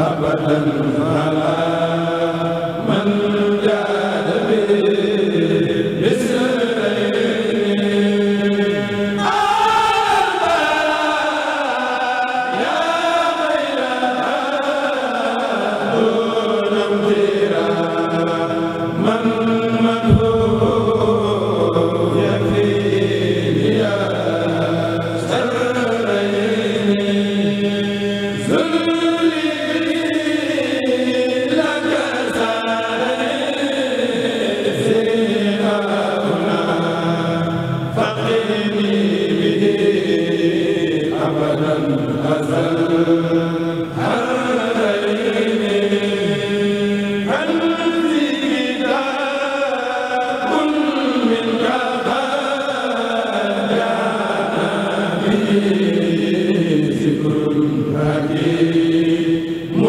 أبدا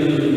Amen.